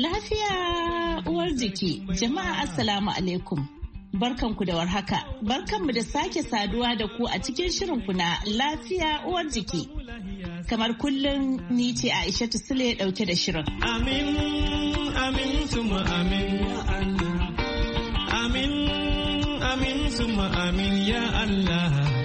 Lafiya uwar jiki, jama'a Assalamu alaikum. Barkanku da warhaka, barkanmu da sake saduwa da ku a cikin shirin na lafiya uwar jiki. Kamar kullum ni ce Aishatu Sule dauke da shirin. Amin, amin, suma amin ya Allah. Amin, amin, suma amin ya Allah.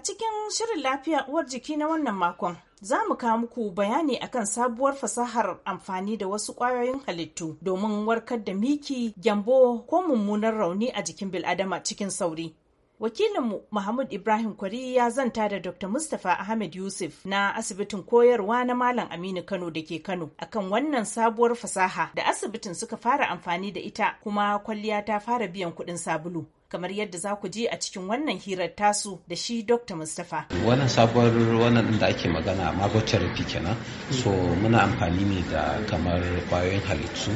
A cikin shirin lafiya uwar jiki na wannan makon, za mu kawo muku bayani akan sabuwar fasahar amfani da wasu ƙwayoyin halittu domin warkar da miki, gyambo ko mummunan rauni a jikin bil'adama cikin sauri. Wakilinmu Muhammad Ibrahim Kwari ya zanta da Dr. Mustapha Ahmed Yusuf na asibitin koyarwa na Malam Aminu Kano da ke Kano akan wannan sabuwar fasaha da asibitin suka fara amfani da ita kuma kwalliya ta fara biyan kuɗin sabulu. kamar yadda za ku je a cikin wannan hirar tasu da shi Dr. Mustapha. Wannan sabuwar wannan da ake magana mago therapy kenan. So muna amfani ne da kamar kwayoyin halittu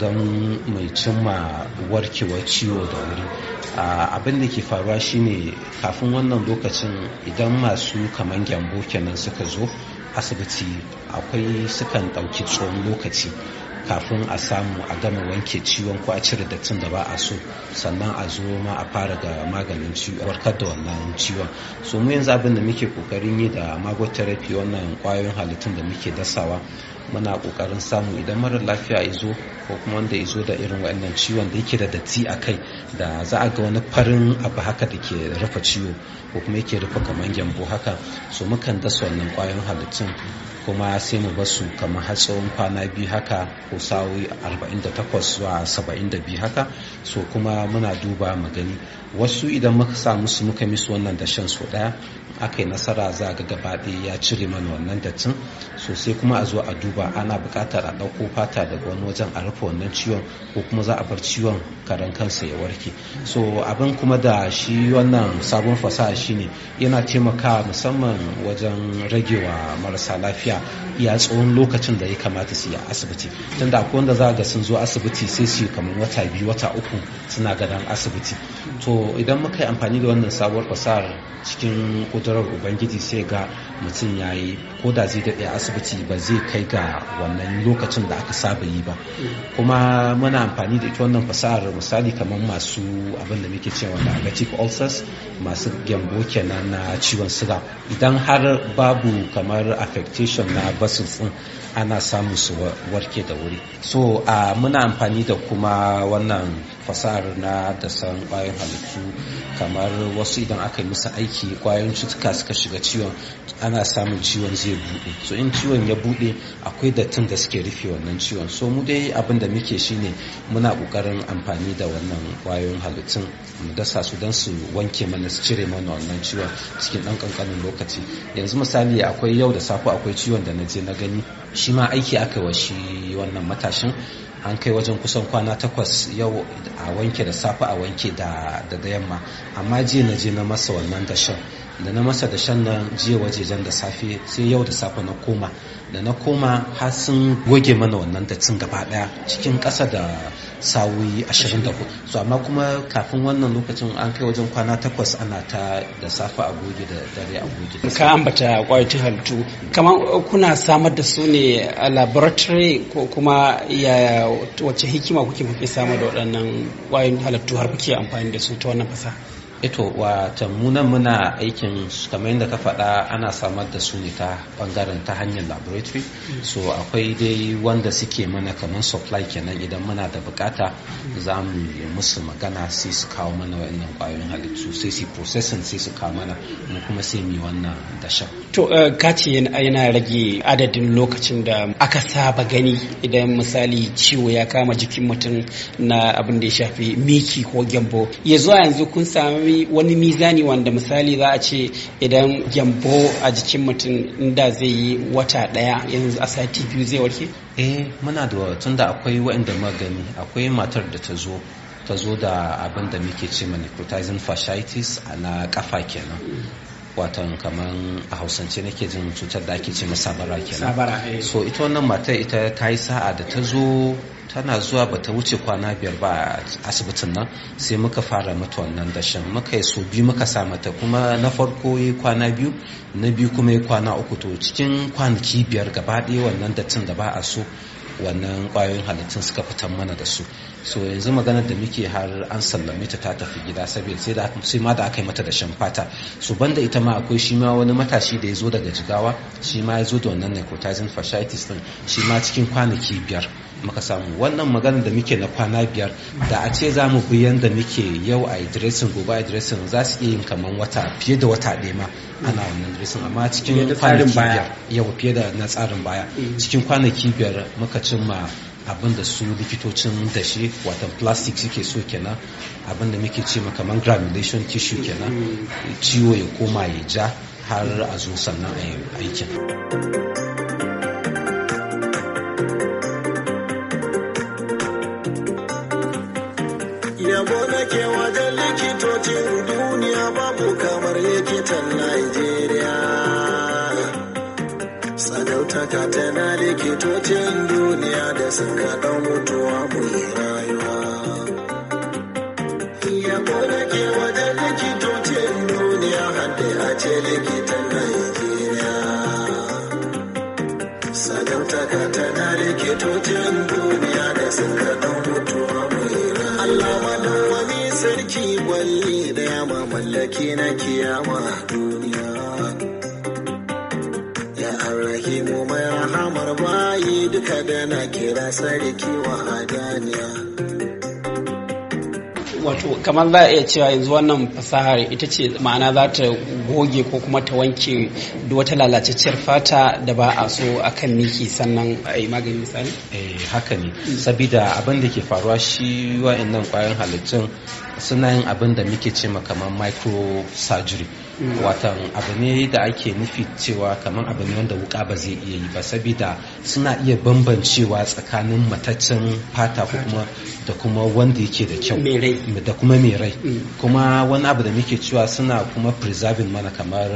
don mai cimma warkewar ciwo da wuri. Abin da ke faruwa shine kafin wannan lokacin idan masu kamar gyambo kenan suka zo asibiti akwai sukan ɗauki tsohon lokaci kafin a samu a gama wanke ciwon ko a cire dattin da ba a so sannan a zo ma a fara ga maganin ciwon warkar da wannan ciwon so mu yanzu abin da muke kokarin yi da magotarafi wannan kwayoyin halittun da muke dasawa muna kokarin samu idan mara lafiya ya zo ko kuma wanda ya zo da irin wannan ciwon da yake da datti a kai da za a ga wani farin abu haka da ke rufe ciwo ko kuma yake rufe kamar gyambo haka so mukan dasa wannan kwayoyin halittun kuma sai mu basu kamar har tsawon kwana biyu haka ko sa'o'i 48 zuwa 72 haka so kuma muna duba mu gani wasu idan muka sa musu muka misu wannan dashen su daya aka yi nasara za ga gaba ɗaya ya cire mana wannan dattin sosai kuma a zo a duba ana buƙatar a ɗauko fata daga wani wajen a rufe wannan ciwon ko kuma za a bar ciwon karan kansa ya warke so abin kuma da shi wannan sabon fasaha shine yana taimaka musamman wajen ragewa marasa lafiya ya tsawon lokacin da ya kamata su yi asibiti tunda akwai wanda za ga sun zo asibiti sai su yi kamar wata biyu wata uku suna ganin asibiti to idan muka yi amfani da wannan sabuwar fasahar cikin ƙaddarar ubangiji sai ga mutum ya yi ko da zai daɗe asibiti ba zai kai ga wannan lokacin da aka saba yi ba kuma muna amfani da ita wannan fasahar misali kamar masu abin da muke cewa diabetic ulcers masu gyambo kenan na ciwon siga idan har babu kamar affectation na vessels din ana samun su warke da wuri so a muna amfani da kuma wannan fasahar na da san kwayoyin halittu kamar wasu idan aka yi musu aiki kwayoyin cutuka suka shiga ciwon ana samun ciwon zai buɗe so in ciwon ya buɗe akwai dattin da suke rufe wannan ciwon so mu dai abin da muke shine muna ƙoƙarin amfani da wannan kwayoyin halittun mu dasa su don su wanke mana su cire mana wannan ciwon cikin ɗan ƙanƙanin lokaci yanzu misali akwai yau da safe akwai ciwon da na je na gani shi ma aiki aka wa shi wannan matashin an kai wajen kusan kwana takwas yau a wanke da safe a wanke da da yamma amma jiya na je na masa wannan dashen da na masa da shan nan jiya waje wajejen da safe sai yau da safe na koma da na koma har sun goge mana wannan dattin gaba daya cikin ƙasa da sawuyi 24 so amma kuma kafin wannan lokacin an kai wajen kwana takwas ana ta da safe a goge da dare a goge ka ambata kwayoyin halittu kamar kuna samar da su ne a laboratory ko kuma ya wace hikima kuke kuke samar da waɗannan kwayoyin halittu har kuke amfani da su ta wannan fasaha ito wa munan muna aikin kamar yadda ka faɗa ana samar da su ne ta bangaren ta hanyar laboratory mm. so akwai dai wanda suke mana kamar supply kenan idan muna da bukata za mu yi musu magana sai su kawo mana wa'annan kwayoyin halittu sai su processing sai su kawo mana mu kuma sai mu yi wannan dashen. To eh, kaci yana rage adadin lokacin da aka saba gani idan misali ciwo ya kama jikin mutum na abin da ya shafi miki ko gyambo. Ya zuwa yanzu kun sami wani mizani wanda misali za a ce idan gyambo a jikin mutum inda zai yi wata ɗaya yanzu a sati biyu zai warke? eh muna da da akwai waɗanda magani akwai matar da ta zo ta zo da abin da muke ce ma necrotizing fasciitis na kafa kenan watan kamar a hausance nake jin cutar da ake ce ma sabara kenan eh. so ita wannan matar ita ta yi sa'a da ta zo tana zuwa ba ta wuce kwana biyar ba a asibitin nan sai muka fara mata wannan dashen muka yi so biyu muka sa mata kuma na farko yi kwana biyu na biyu kuma yi kwana uku to cikin kwanaki biyar gaba ɗaya wannan datin da ba a so wannan ƙwayoyin halittun suka fitan mana da su so yanzu maganar da muke har an sallame ta ta tafi gida saboda sai da sai ma da aka yi mata da shan fata so banda ita ma akwai shi ma wani matashi da ya zo daga jigawa shi ma ya zo da wannan necrotizing fasciitis din shi ma cikin kwanaki biyar muka samu wannan maganar da muke na kwana biyar da a ce za mu bi yadda muke yau a dressing gobe a diresin za su iya yin kamar wata fiye da wata ɗaya ma ana wannan dressing amma cikin kwanaki biyar yau fiye da na tsarin baya mm. cikin kwanaki biyar muka cimma abin da su likitocin da shi watan plastic suke so kenan abin da muke ce kamar granulation tissue kenan mm. ciwo ya koma ya ja har a zo sannan a yi aikin haka tana likitocin duniya da suka ɗau mutuwa mu yi rayuwa. Ya kone ke wajen likitocin duniya hadde a ce likitan Najeriya. Sadamtaka tana likitocin duniya da suka ɗau mutuwa mu yi rayuwa. Allah madawwami sarki gwalli da yama mallaki na kiyama duniya. sarki mu mai rahamar bayi duka da na kira sarki wa wato kamar za a iya cewa yanzu wannan fasahar ita ce ma'ana za ta goge ko kuma ta wanke da wata lalacecciyar fata da ba a so a kan miki sannan a yi magani misali? eh haka ne sabida abin da ke faruwa shi nan kwayan halittun suna yin abin da muke ce ma kamar micro surgery mm. watan abu ne da ake nufi cewa kamar abu ne wanda wuka ba zai iya yi ba saboda suna iya bambancewa tsakanin mataccen fata ko kuma da kuma wanda yake da kyau da kuma mai rai mm. kuma wani abu da muke cewa suna kuma preserving mana kamar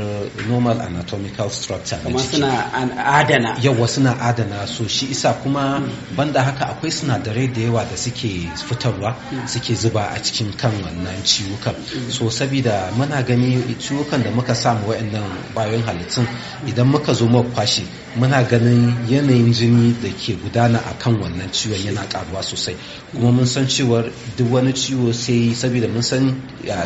normal anatomical structure kuma suna adana yawa suna adana so shi isa kuma mm. banda haka akwai sinadarai da yawa da suke fitarwa mm. suke zuba a cikin kan wannan ciwukan so sabida muna gani ciwukan da muka samu waɗannan bayan halittun idan muka zo muka kwashe muna ganin yanayin jini da ke gudana a kan wannan ciwon yana karuwa sosai kuma mun san cewar duk wani ciwo sai saboda mun san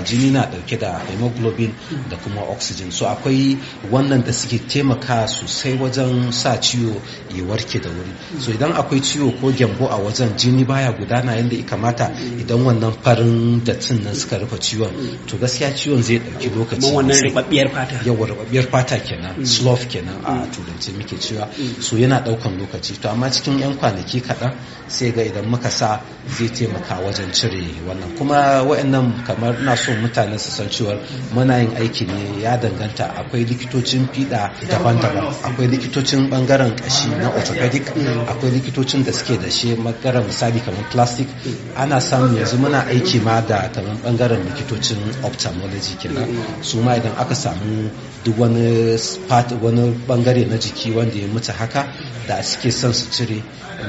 jini na dauke da hemoglobin da kuma oxygen so akwai wannan da suke taimaka sosai wajen sa ciwo ya warke da wuri so idan akwai ciwo ko gyambo a wajen jini baya gudana yadda ya kamata idan wannan farin dattin nan suka rufe ciwon to gaskiya ciwon zai dauki lokaci wannan rubabbiyar fata yawa rubabbiyar fata kenan mm. sloth kenan a mm. turanci muke cewa mm. so yana daukan lokaci to amma cikin yan kwanaki kaɗan sai ga idan muka sa zai zai taimaka wajen cire wannan kuma wa'annan kamar na so mutane su san cewar muna yin aiki ne ya danganta akwai likitocin fiɗa daban-daban akwai likitocin bangaren kashi na orthopedic akwai likitocin da suke da shi bangaren misali kamar plastic ana samu yanzu muna aiki ma da kamar bangaren likitocin ophthalmology kenan su ma idan aka samu duk wani wani bangare na jiki wanda ya mutu haka da suke son su cire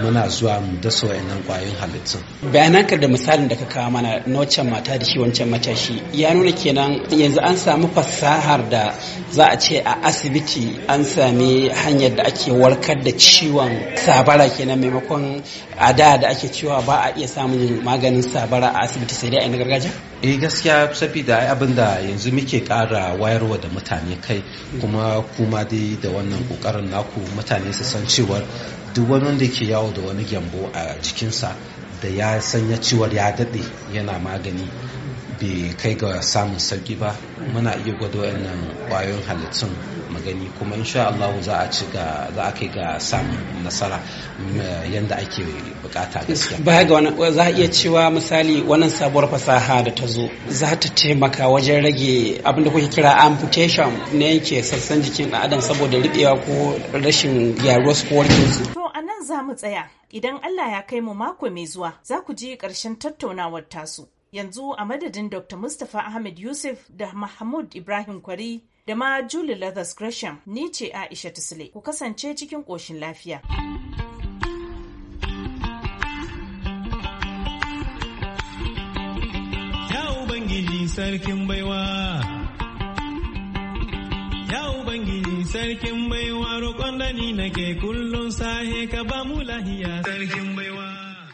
muna zuwa mu dasa wayannan kwayoyin halittun bayananka da misalin da ka kawo mana na wancan mata da shi wancan matashi ya nuna kenan yanzu an samu fasahar da za a ce a asibiti an sami hanyar da ake warkar da ciwon sabara kenan maimakon a da da ake cewa ba a iya samun maganin sabara a asibiti sai dai a na gargajiya eh gaskiya saboda abin da yanzu muke kara wayarwa da mutane kai kuma kuma dai da wannan kokarin naku mutane su san cewar duk wani wanda ke yawo da wani gyambo a jikinsa da ya sanya ciwar ya daɗe yana magani bai kai ga samun sauki ba muna iya gwada wayannan kwayoyin halittun magani kuma insha Allah za a ci ga za a kai ga samun nasara mm, yanda ake bukata gaskiya baya ga wannan za a iya cewa misali wannan sabuwar fasaha da ta zo za ta taimaka wajen rage abin da kuke kira amputation na yanke sassan jikin adam saboda riɓewa ko rashin gyaruwar ko warkin su za mu tsaya idan Allah ya kai mu mako mai zuwa za ku ji ƙarshen tattaunawar tasu. Yanzu a madadin Dr. Mustapha Ahmed Yusuf da Mahmud Ibrahim Kwari da ma Julie Leathers Gresham ni ce Aisha Tisle ku kasance cikin ƙoshin lafiya. sarkin baiwa, Ya Ubangiji sarkin zamani nake kullum sahe ka ba mu lahiya sarkin baiwa